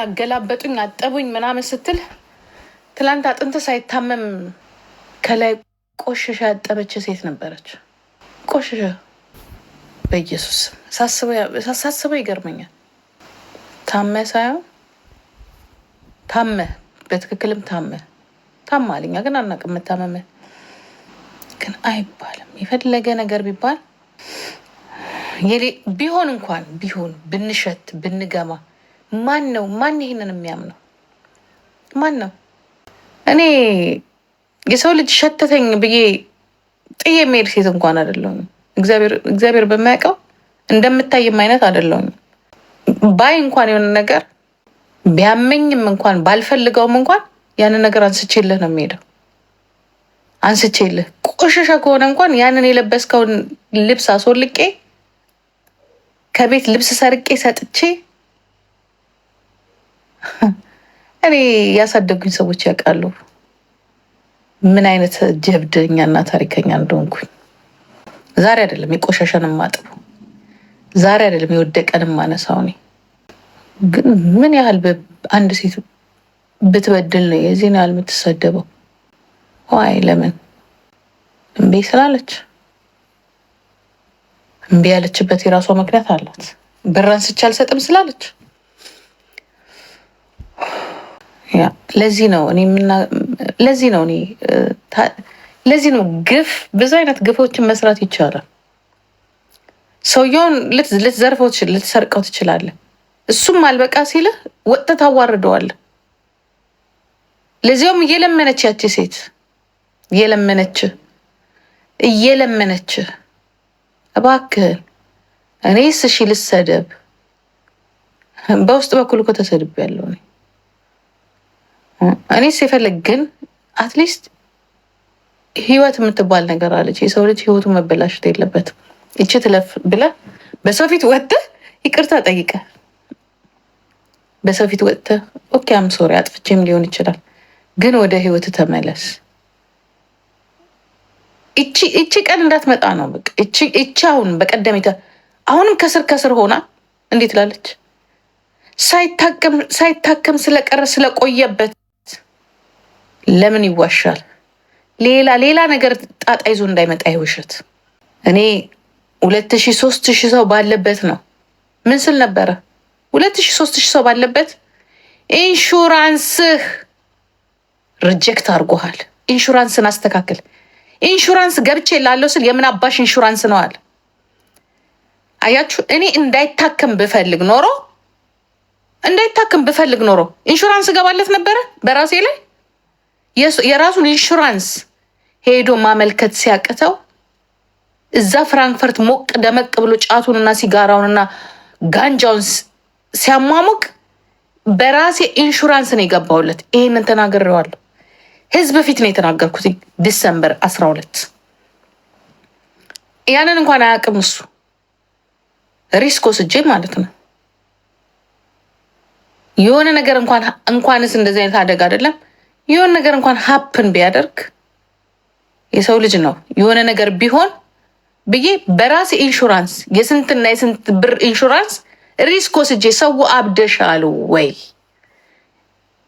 ያገላበጡኝ አጠቡኝ ምናምን ስትል ትላንት አጥንት ሳይታመም ከላይ ቆሸሸ ያጠበች ሴት ነበረች። ቆሸሸ በኢየሱስ ሳስበው ይገርመኛል። ታመ ሳይሆን ታመ፣ በትክክልም ታመ ታማ አለኛ ግን አናውቅም። መታመመ ግን አይባልም። የፈለገ ነገር ቢባል ቢሆን እንኳን ቢሆን ብንሸት ብንገማ ማን ነው? ማን ይህንን የሚያምነው ማን ነው? እኔ የሰው ልጅ ሸተተኝ ብዬ ጥዬ የሚሄድ ሴት እንኳን አይደለሁም። እግዚአብሔር በሚያውቀው እንደምታይም አይነት አይደለሁም። ባይ እንኳን የሆነ ነገር ቢያመኝም እንኳን ባልፈልገውም እንኳን ያንን ነገር አንስቼልህ ነው የሚሄደው። አንስቼልህ ቆሻሻ ከሆነ እንኳን ያንን የለበስከውን ልብስ አስወልቄ ከቤት ልብስ ሰርቄ ሰጥቼ እኔ ያሳደጉኝ ሰዎች ያውቃሉ ምን አይነት ጀብደኛና ታሪከኛ እንደሆንኩኝ። ዛሬ አይደለም የቆሻሻን ማጥቡ፣ ዛሬ አይደለም የወደቀን ማነሳው። እኔ ግን ምን ያህል አንድ ሴት ብትበድል ነው የዚህን ያህል የምትሰደበው? ዋይ ለምን እምቢ ስላለች? እምቢ ያለችበት የራሷ ምክንያት አላት። ብር አንስቼ አልሰጥም ስላለች ለዚህ ነው እኔ ለዚህ ነው እኔ ለዚህ ነው ግፍ፣ ብዙ አይነት ግፎችን መስራት ይቻላል። ሰውየውን ልትዘርፈው ልትሰርቀው ትችላለህ። እሱም አልበቃ ሲልህ ወጥተህ ታዋርደዋለህ። ለዚያውም እየለመነች ያቺ ሴት እየለመነች እየለመነች እባክህን እኔስ እሺ ልሰደብ፣ በውስጥ በኩል እኮ ተሰድቤያለሁ እኔ እኔ ሲፈልግ ግን አትሊስት ህይወት የምትባል ነገር አለች። የሰው ልጅ ህይወቱ መበላሸት የለበትም። እች ትለፍ ብለ በሰው ፊት ወጥተህ ይቅርታ ጠይቀ በሰው ፊት ወጥተህ ኦኬ አም ሶሪ አጥፍቼም ሊሆን ይችላል፣ ግን ወደ ህይወት ተመለስ። እቺ ቀን እንዳትመጣ ነው በቃ። እቺ አሁን በቀደሚታ አሁንም ከስር ከስር ሆና እንዴት ትላለች? ሳይታከም ስለቀረ ስለቆየበት ለምን ይዋሻል? ሌላ ሌላ ነገር ጣጣ ይዞ እንዳይመጣ ይውሸት። እኔ ሁለት ሺ ሶስት ሺ ሰው ባለበት ነው ምን ስል ነበረ? ሁለት ሺ ሶስት ሺ ሰው ባለበት ኢንሹራንስህ ሪጀክት አድርጎሃል። ኢንሹራንስን አስተካክል። ኢንሹራንስ ገብቼ ላለው ስል የምን አባሽ ኢንሹራንስ ነው አለ። አያችሁ፣ እኔ እንዳይታከም ብፈልግ ኖሮ እንዳይታከም ብፈልግ ኖሮ ኢንሹራንስ ገባለት ነበረ በራሴ ላይ የራሱን ኢንሹራንስ ሄዶ ማመልከት ሲያቅተው እዛ ፍራንክፈርት ሞቅ ደመቅ ብሎ ጫቱንና ሲጋራውንና ጋንጃውን ሲያሟሙቅ በራሴ ኢንሹራንስ ነው የገባውለት። ይሄንን ተናግሬዋለሁ። ህዝብ ፊት ነው የተናገርኩት። ዲሰምበር 12 ያንን እንኳን አያውቅም እሱ ሪስክ ወስጄ ማለት ነው። የሆነ ነገር እንኳንስ እንደዚህ አይነት አደጋ አይደለም የሆነ ነገር እንኳን ሀፕን ቢያደርግ የሰው ልጅ ነው የሆነ ነገር ቢሆን ብዬ በራሴ ኢንሹራንስ የስንትና የስንት ብር ኢንሹራንስ ሪስክ ወስጄ ሰው አብደሻል ወይ?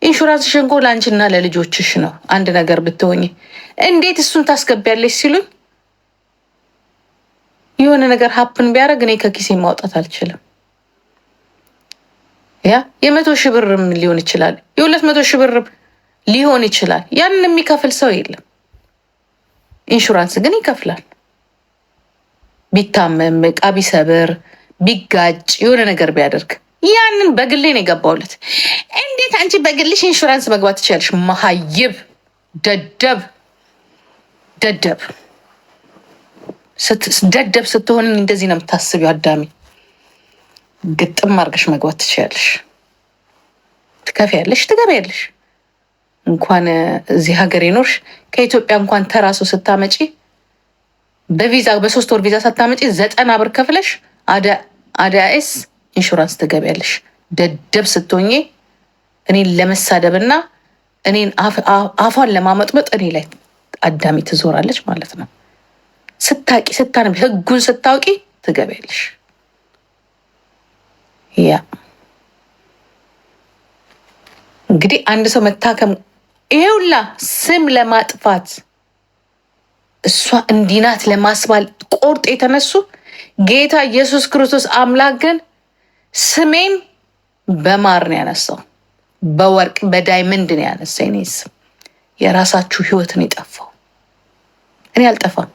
ኢንሹራንስ ሽንኮ ለአንቺና ለልጆችሽ ነው። አንድ ነገር ብትሆኝ እንዴት እሱን ታስገቢያለች ሲሉኝ የሆነ ነገር ሀፕን ቢያደርግ እኔ ከኪሴ ማውጣት አልችልም። ያ የመቶ ሺህ ብርም ሊሆን ይችላል የሁለት መቶ ሺህ ብርም ሊሆን ይችላል። ያንን የሚከፍል ሰው የለም። ኢንሹራንስ ግን ይከፍላል። ቢታመም፣ ዕቃ ቢሰብር፣ ቢጋጭ፣ የሆነ ነገር ቢያደርግ ያንን በግሌ ነው የገባውለት። እንዴት አንቺ በግልሽ ኢንሹራንስ መግባት ትችላለሽ? መሀይብ ደደብ ደደብ ደደብ ስትሆን እንደዚህ ነው የምታስቢው። አዳሚ ግጥም አድርገሽ መግባት ትችያለሽ። ትከፍያለሽ፣ ትገቢያለሽ። እንኳን እዚህ ሀገር ኖርሽ ከኢትዮጵያ እንኳን ተራሱ ስታመጪ በቪዛ በሶስት ወር ቪዛ ሳታመጪ ዘጠና ብር ከፍለሽ አዳኤስ ኢንሹራንስ ትገቢያለሽ። ደደብ ስትሆኜ እኔን ለመሳደብ እና እኔን አፏን ለማመጥመጥ እኔ ላይ አዳሚ ትዞራለች ማለት ነው። ስታቂ ስታነብ ህጉን ስታውቂ ትገቢያለሽ። ያ እንግዲህ አንድ ሰው መታከም ይሄውላ ስም ለማጥፋት እሷ እንዲናት ለማስባል ቆርጥ የተነሱ ጌታ ኢየሱስ ክርስቶስ አምላክ ግን ስሜን በማር ነው ያነሳው፣ በወርቅ በዳይመንድ ነው ያነሳ። እኔ ስም የራሳችሁ ህይወትን የጠፋው እኔ አልጠፋም፣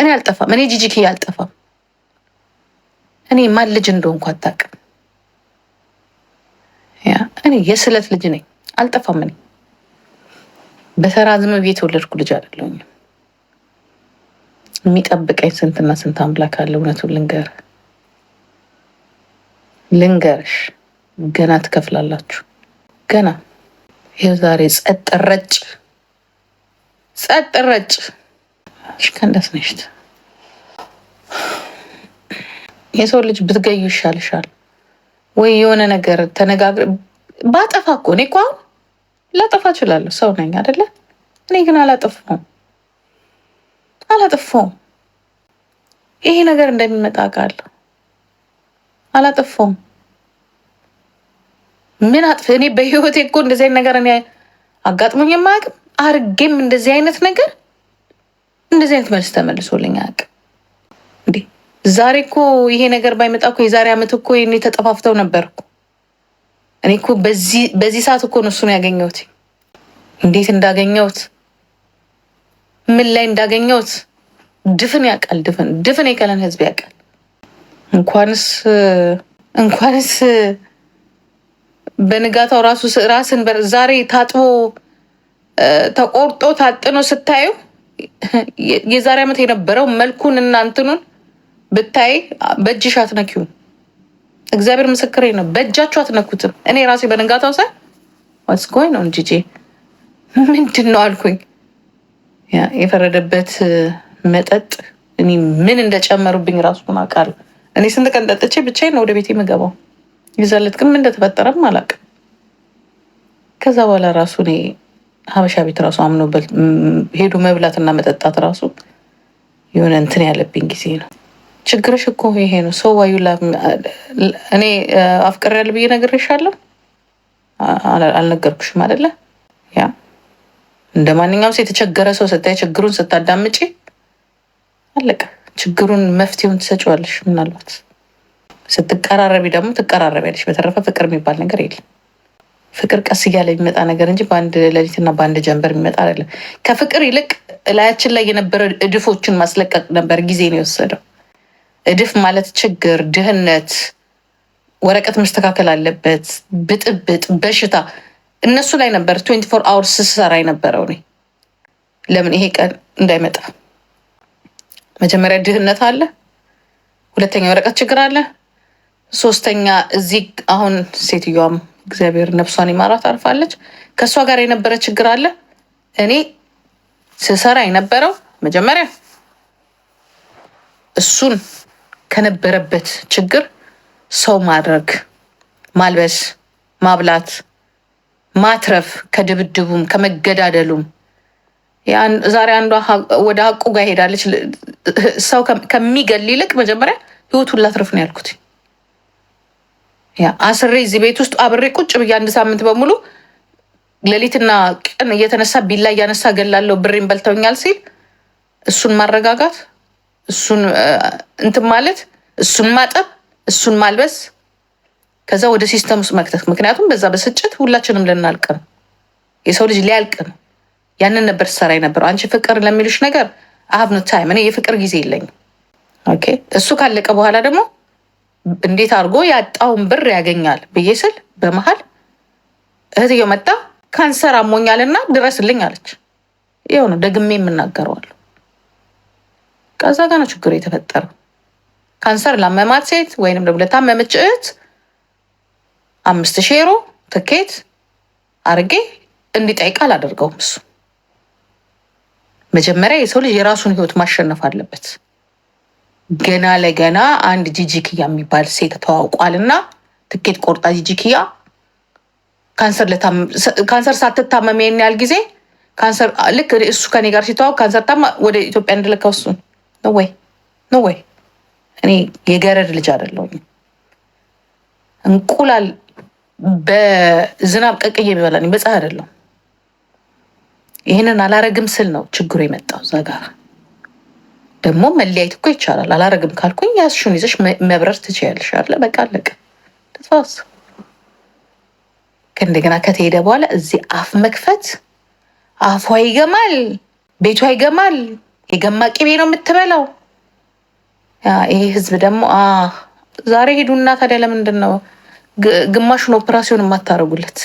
እኔ አልጠፋም፣ እኔ ጂጂክዬ አልጠፋም። እኔ ማን ልጅ እንደሆንኩ አታውቅም። እኔ የስለት ልጅ ነኝ። አልጠፋም። እኔ በሰራ ዝም ብዬ የተወለድኩ ልጅ አይደለሁም። የሚጠብቀኝ ስንትና ስንት አምላክ አለ። እውነቱን ልንገር ልንገርሽ፣ ገና ትከፍላላችሁ። ገና ይህ ዛሬ ጸጥ ረጭ ጸጥ ረጭ ሽከንደስ ነሽት የሰው ልጅ ብትገዩ ይሻልሻል ወይ የሆነ ነገር ተነጋግረ ባጠፋ እኮ እኔ እኮ አሁን ላጠፋ እችላለሁ። ሰው ነኝ አደለ? እኔ ግን አላጠፋውም አላጠፋውም። ይሄ ነገር እንደሚመጣ አውቃለሁ። አላጠፋውም። ምን አጥፍ? እኔ በህይወቴ እኮ እንደዚህ አይነት ነገር እኔ አጋጥሞኝ የማያውቅም። አርጌም እንደዚህ አይነት ነገር እንደዚህ አይነት መልስ ተመልሶልኝ አያውቅም። እንዴ ዛሬ እኮ ይሄ ነገር ባይመጣ እኮ የዛሬ አመት እኮ ተጠፋፍተው ነበርኩ እኔ እኮ በዚህ ሰዓት እኮ ነው እሱን ያገኘሁት። እንዴት እንዳገኘሁት ምን ላይ እንዳገኘሁት ድፍን ያውቃል። ድፍን ድፍን የቀለን ህዝብ ያውቃል። እንኳንስ እንኳንስ በንጋታው ራሱ ራስን ዛሬ ታጥቦ ተቆርጦ ታጥኖ ስታዩ የዛሬ ዓመት የነበረው መልኩን እናንትኑን ብታይ በእጅሽ አትነኪውም። እግዚአብሔር ምስክሬ ነው። በእጃችሁ አትነኩትም። እኔ ራሴ በንጋታው ሰ ዋስኮይ ነው እንጂ ምንድን ነው አልኩኝ። የፈረደበት መጠጥ እኔ ምን እንደጨመሩብኝ ራሱ አውቃለሁ። እኔ ስንት ቀን ጠጥቼ ብቻዬን ነው ወደ ቤት የምገባው። ይዛለት ግን ምን እንደተፈጠረም አላውቅም። ከዛ በኋላ ራሱ እኔ ሀበሻ ቤት ራሱ አምኖበት ሄዱ መብላትና መጠጣት ራሱ የሆነ እንትን ያለብኝ ጊዜ ነው። ችግርሽ እኮ ይሄ ነው። ሰው ዋዩ እኔ አፍቅሬያለሁ ብዬ ነግሬሻለሁ አልነገርኩሽም አይደለ? ያ እንደ ማንኛውም ሰው የተቸገረ ሰው ስታይ ችግሩን ስታዳምጪ አለቀ። ችግሩን መፍትሄውን ትሰጪዋለሽ። ምናልባት ስትቀራረቢ ደግሞ ትቀራረቢያለሽ። በተረፈ ፍቅር የሚባል ነገር የለም። ፍቅር ቀስ እያለ የሚመጣ ነገር እንጂ በአንድ ሌሊትና በአንድ ጀንበር የሚመጣ አይደለም። ከፍቅር ይልቅ እላያችን ላይ የነበረ እድፎችን ማስለቀቅ ነበር ጊዜ ነው የወሰደው። እድፍ ማለት ችግር፣ ድህነት፣ ወረቀት መስተካከል አለበት፣ ብጥብጥ፣ በሽታ እነሱ ላይ ነበር ትዌንቲ ፎር አወርስ ስሰራ የነበረው እኔ። ለምን ይሄ ቀን እንዳይመጣ መጀመሪያ ድህነት አለ፣ ሁለተኛ ወረቀት ችግር አለ፣ ሶስተኛ እዚህ አሁን ሴትዮዋም እግዚአብሔር ነፍሷን ይማራት አርፋለች። ከእሷ ጋር የነበረ ችግር አለ። እኔ ስሰራ የነበረው መጀመሪያ እሱን ከነበረበት ችግር ሰው ማድረግ፣ ማልበስ፣ ማብላት፣ ማትረፍ ከድብድቡም ከመገዳደሉም ዛሬ አንዷ ወደ ሀቁ ጋር ሄዳለች። ሰው ከሚገል ይልቅ መጀመሪያ ህይወቱን ላትረፍ ነው ያልኩት። አስሬ እዚህ ቤት ውስጥ አብሬ ቁጭ ብዬ አንድ ሳምንት በሙሉ ሌሊትና ቀን እየተነሳ ቢላ እያነሳ ገላለው ብሬን በልተውኛል ሲል እሱን ማረጋጋት እሱን እንትን ማለት እሱን ማጠብ እሱን ማልበስ ከዛ ወደ ሲስተም ውስጥ መክተት። ምክንያቱም በዛ በስጭት ሁላችንም ልናልቅ ነው። የሰው ልጅ ሊያልቅ ነው። ያንን ነበር ሰራ የነበረው። አንቺ ፍቅር ለሚሉሽ ነገር አሀብኖ ታይም እኔ የፍቅር ጊዜ የለኝም። ኦኬ እሱ ካለቀ በኋላ ደግሞ እንዴት አድርጎ ያጣውን ብር ያገኛል ብዬ ስል በመሀል እህትየው መጣ ካንሰር አሞኛልና ድረስልኝ አለች። ይኸው ነው ደግሜ የምናገረዋል። ከዛ ጋ ነው ችግሩ የተፈጠረ። ካንሰር ላመማት ሴት ወይንም ደግሞ ለታመመች እህት አምስት ሺህ ዩሮ ትኬት አርጌ እንዲጠይቅ አላደርገውም። እሱ መጀመሪያ የሰው ልጅ የራሱን ህይወት ማሸነፍ አለበት። ገና ለገና አንድ ጂጂክያ የሚባል ሴት ተዋውቋል እና ትኬት ቆርጣ ጂጂክያ ካንሰር ሳትታመም ያህል ጊዜ ልክ እሱ ከኔ ጋር ሲተዋወቅ ካንሰር ታማ ወደ ኢትዮጵያ እንድልከው እሱን ኖ ወይ ኖ ወይ እኔ የገረድ ልጅ አይደለሁም። እንቁላል በዝናብ ቀቅዬ የሚበላኝ በፀሐይ አይደለም። ይህንን አላረግም ስል ነው ችግሩ የመጣው እዛ ጋር ደግሞ መለያየት እኮ ይቻላል። አላረግም ካልኩኝ ያስሽን ይዘሽ መብረር ትችያለሽ አለ። በቃ አለቀ። ተስፋስ ከእንደገና ከተሄደ በኋላ እዚህ አፍ መክፈት አፏ ይገማል፣ ቤቷ ይገማል። የገማ ቅቤ ነው የምትበላው። ይሄ ህዝብ ደግሞ ዛሬ ሄዱና ታዲያ ለምንድን ነው ግማሹን ኦፕራሲዮን የማታደርጉለት?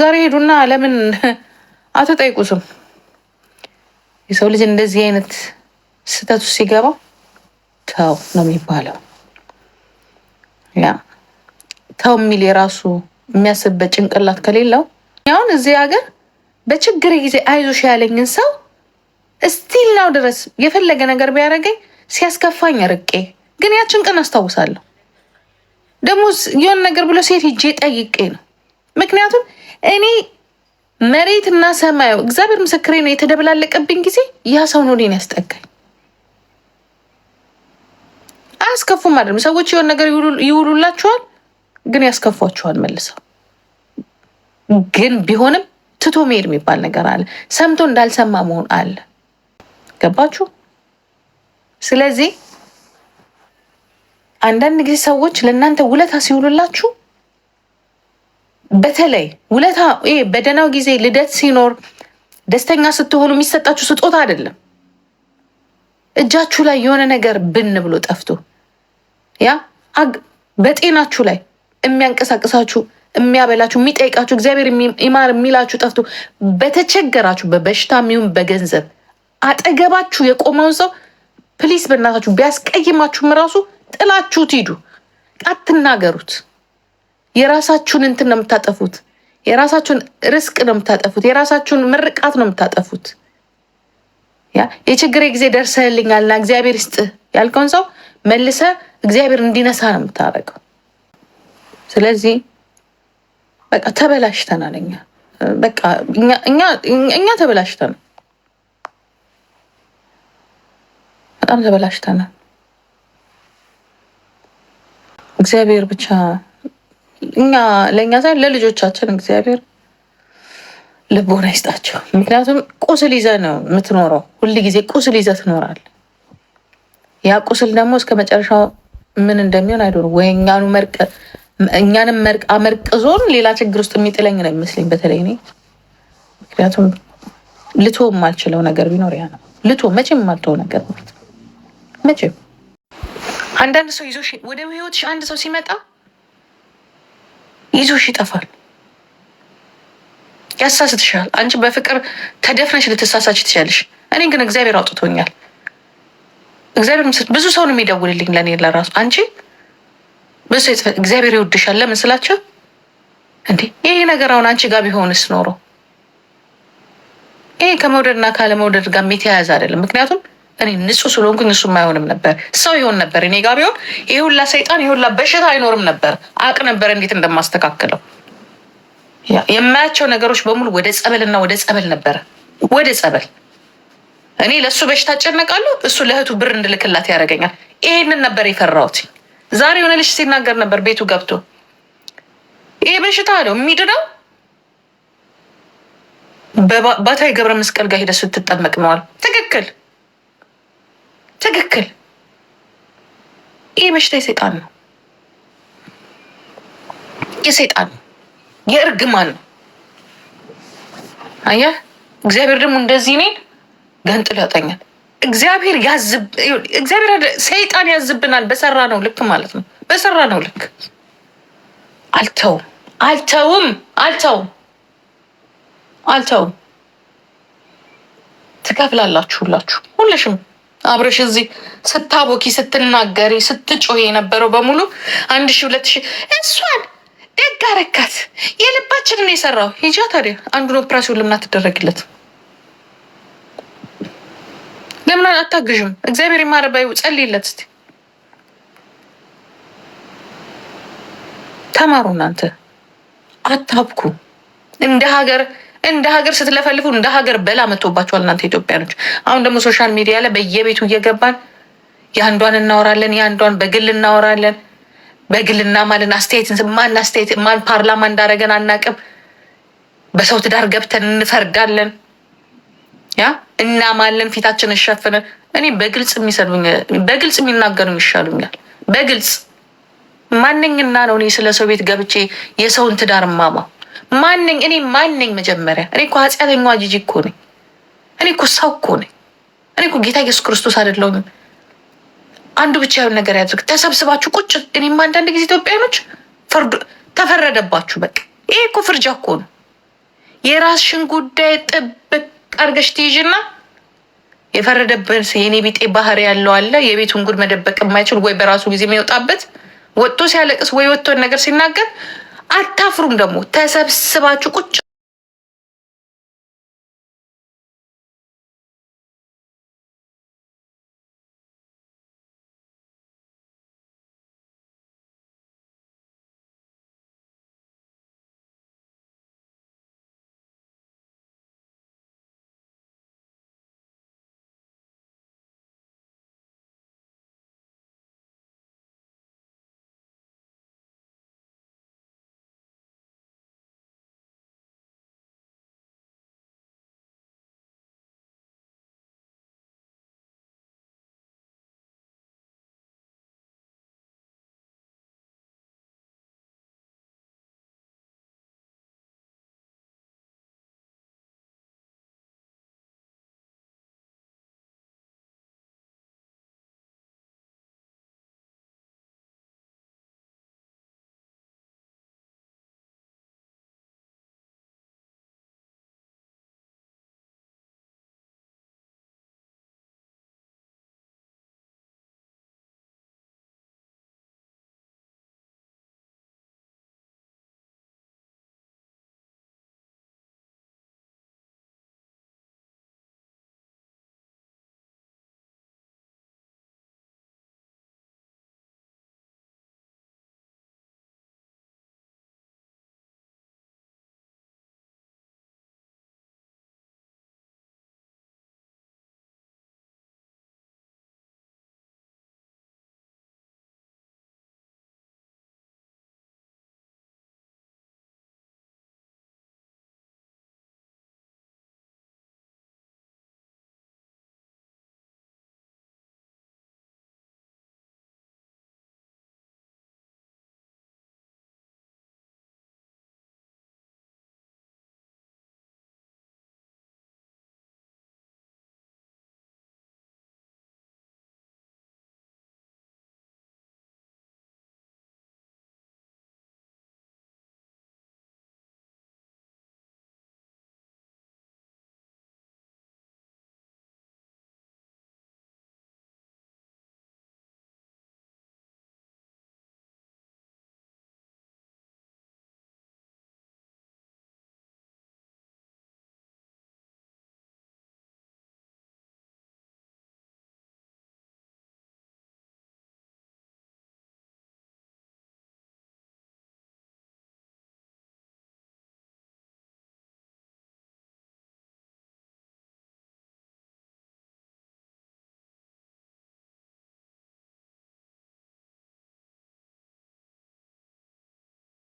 ዛሬ ሄዱና ለምን አትጠይቁትም? የሰው ልጅ እንደዚህ አይነት ስህተቱ ሲገባ ተው ነው የሚባለው። ያ ተው የሚል የራሱ የሚያስብበት ጭንቅላት ከሌለው አሁን እዚህ ሀገር በችግር ጊዜ አይዞሽ ያለኝን ሰው እስቲል ናው ድረስ የፈለገ ነገር ቢያደርገኝ ሲያስከፋኝ ርቄ፣ ግን ያችን ቀን አስታውሳለሁ። ደግሞ የሆን ነገር ብሎ ሴት ሄጄ ጠይቄ ነው። ምክንያቱም እኔ መሬት እና ሰማዩ እግዚአብሔር ምስክሬ ነው የተደበላለቀብኝ ጊዜ ያ ሰው ነው እኔን ያስጠጋኝ። አያስከፉም አይደለም ሰዎች የሆን ነገር ይውሉላችኋል፣ ግን ያስከፏችኋል መልሰው። ግን ቢሆንም ትቶ መሄድ የሚባል ነገር አለ። ሰምቶ እንዳልሰማ መሆን አለ። ገባችሁ? ስለዚህ አንዳንድ ጊዜ ሰዎች ለእናንተ ውለታ ሲውሉላችሁ በተለይ ውለታ በደህናው ጊዜ ልደት ሲኖር ደስተኛ ስትሆኑ የሚሰጣችሁ ስጦታ አይደለም። እጃችሁ ላይ የሆነ ነገር ብን ብሎ ጠፍቶ ያ በጤናችሁ ላይ የሚያንቀሳቅሳችሁ የሚያበላችሁ የሚጠይቃችሁ እግዚአብሔር ይማር የሚላችሁ ጠፍቶ በተቸገራችሁ በበሽታ የሚሆን በገንዘብ አጠገባችሁ የቆመውን ሰው ፕሊስ በእናታችሁ ቢያስቀይማችሁም ራሱ ጥላችሁት ሂዱ። አትናገሩት። የራሳችሁን እንትን ነው የምታጠፉት። የራሳችሁን ርስቅ ነው የምታጠፉት። የራሳችሁን ምርቃት ነው የምታጠፉት። ያ የችግሬ ጊዜ ደርሰህልኛልና እግዚአብሔር ይስጥህ ያልከውን ሰው መልሰ እግዚአብሔር እንዲነሳ ነው የምታደርገው። ስለዚህ በቃ ተበላሽተናል። እኛ በቃ እኛ ተበላሽተናል። በጣም ተበላሽተናል። እግዚአብሔር ብቻ እኛ ለእኛ ሳይሆን ለልጆቻችን እግዚአብሔር ልቦና ይስጣቸው። ምክንያቱም ቁስል ይዘህ ነው የምትኖረው። ሁል ጊዜ ቁስል ይዘህ ትኖራለህ። ያ ቁስል ደግሞ እስከ መጨረሻው ምን እንደሚሆን አይደሆነ ወይ እኛኑ እኛንም ዞን ሌላ ችግር ውስጥ የሚጥለኝ ነው የሚመስለኝ። በተለይ እኔ ምክንያቱም ልቶ የማልችለው ነገር ቢኖር ያ ነው። ልቶ መቼም የማልተው ነገር ማለት ነው። መቼም አንዳንድ ሰው ይዞ ወደ ህይወትሽ አንድ ሰው ሲመጣ ይዞሽ ይጠፋል፣ ያሳስትሻል። አንቺ በፍቅር ተደፍነሽ ልትሳሳች ትችላለሽ። እኔ ግን እግዚአብሔር አውጥቶኛል። እግዚአብሔር ብዙ ሰው ነው የሚደውልልኝ ለእኔ ለራሱ አንቺ ብዙ እግዚአብሔር ይወድሻል። ለምን ስላቸው እንዴ ይህ ነገር አሁን አንቺ ጋር ቢሆንስ ኖሮ ይሄ ከመውደድና ካለመውደድ ጋር የተያያዘ አይደለም። ምክንያቱም እኔ ንጹህ ስለሆንኩኝ እሱም አይሆንም ነበር፣ ሰው ይሆን ነበር። እኔ ጋ ቢሆን ይሁላ ሁላ ሰይጣን ይሁላ ሁላ በሽታ አይኖርም ነበር። አቅ ነበር እንዴት እንደማስተካከለው። የማያቸው ነገሮች በሙሉ ወደ እና ወደ ጸበል ነበረ፣ ወደ ጸበል። እኔ ለእሱ በሽታ እጨነቃለሁ፣ እሱ ለእህቱ ብር እንድልክላት ያደርገኛል። ይሄንን ነበር የፈራሁት። ዛሬ የሆነ ልጅ ሲናገር ነበር ቤቱ ገብቶ ይሄ በሽታ ነው የሚድነው በባታዊ ገብረ መስቀል ጋር ሄደ ስትጠመቅ ነዋል። ትክክል ትክክል። ይህ በሽታ የሰይጣን ነው፣ የሰይጣን ነው፣ የእርግማን ነው። አየህ፣ እግዚአብሔር ደግሞ እንደዚህ እኔን ገንጥሎ ያጠኛል። እግዚአብሔር እግዚአብሔር ሰይጣን ያዝብናል። በሰራ ነው ልክ ማለት ነው። በሰራ ነው ልክ አልተውም፣ አልተውም፣ አልተውም፣ አልተውም። ትከፍላላችሁ ሁላችሁ ሁለሽም አብረሽ እዚህ ስታቦኪ ስትናገሪ ስትጮሄ የነበረው በሙሉ አንድ ሺ ሁለት ሺ እሷን ደግ አረካት የልባችንን የሰራው ሂጃ ታዲያ አንዱን ኦፕራሲዮን ልምና ትደረግለት ለምን አታግዥም? እግዚአብሔር የማረባዩ ጸልይለት እስኪ ተማሩ እናንተ አታብኩ እንደ ሀገር እንደ ሀገር ስትለፈልፉ እንደ ሀገር በላ መጥቶባቸዋል እናንተ ኢትዮጵያኖች። አሁን ደግሞ ሶሻል ሚዲያ ላይ በየቤቱ እየገባን የአንዷን እናወራለን፣ የአንዷን በግል እናወራለን። በግልና ማለን አስተያየትን ማን አስተያየት ማን ፓርላማ እንዳደረገን አናቅም። በሰው ትዳር ገብተን እንፈርዳለን፣ ያ እናማለን፣ ፊታችን እሸፍነን እኔ በግልጽ የሚሰድቡኝ በግልጽ የሚናገሩኝ ይሻሉኛል። በግልጽ ማንኝና ነው እኔ ስለ ሰው ቤት ገብቼ የሰውን ትዳር ማማ ማንኝ? እኔ ማንኝ? መጀመሪያ እኔ እኮ ኃጢአተኛ ጂጂ እኮ ነኝ። እኔ እኮ ሰው እኮ ነኝ። እኔ እኮ ጌታ ኢየሱስ ክርስቶስ አይደለሁም። አንዱ ብቻ ያሉ ነገር ያድርግ። ተሰብስባችሁ ቁጭ እኔም አንዳንድ ጊዜ ኢትዮጵያኖች ተፈረደባችሁ። በቃ ይሄ እኮ ፍርጃ እኮ ነው። የራስሽን ጉዳይ ጥብቅ አድርገሽ ትይዥና የፈረደብን የኔ ቢጤ ባህር ያለው አለ። የቤቱን ጉድ መደበቅ የማይችል ወይ በራሱ ጊዜ የሚወጣበት ወጥቶ ሲያለቅስ ወይ ወጥቶን ነገር ሲናገር አታፍሩም ደግሞ ተሰብስባችሁ ቁጭ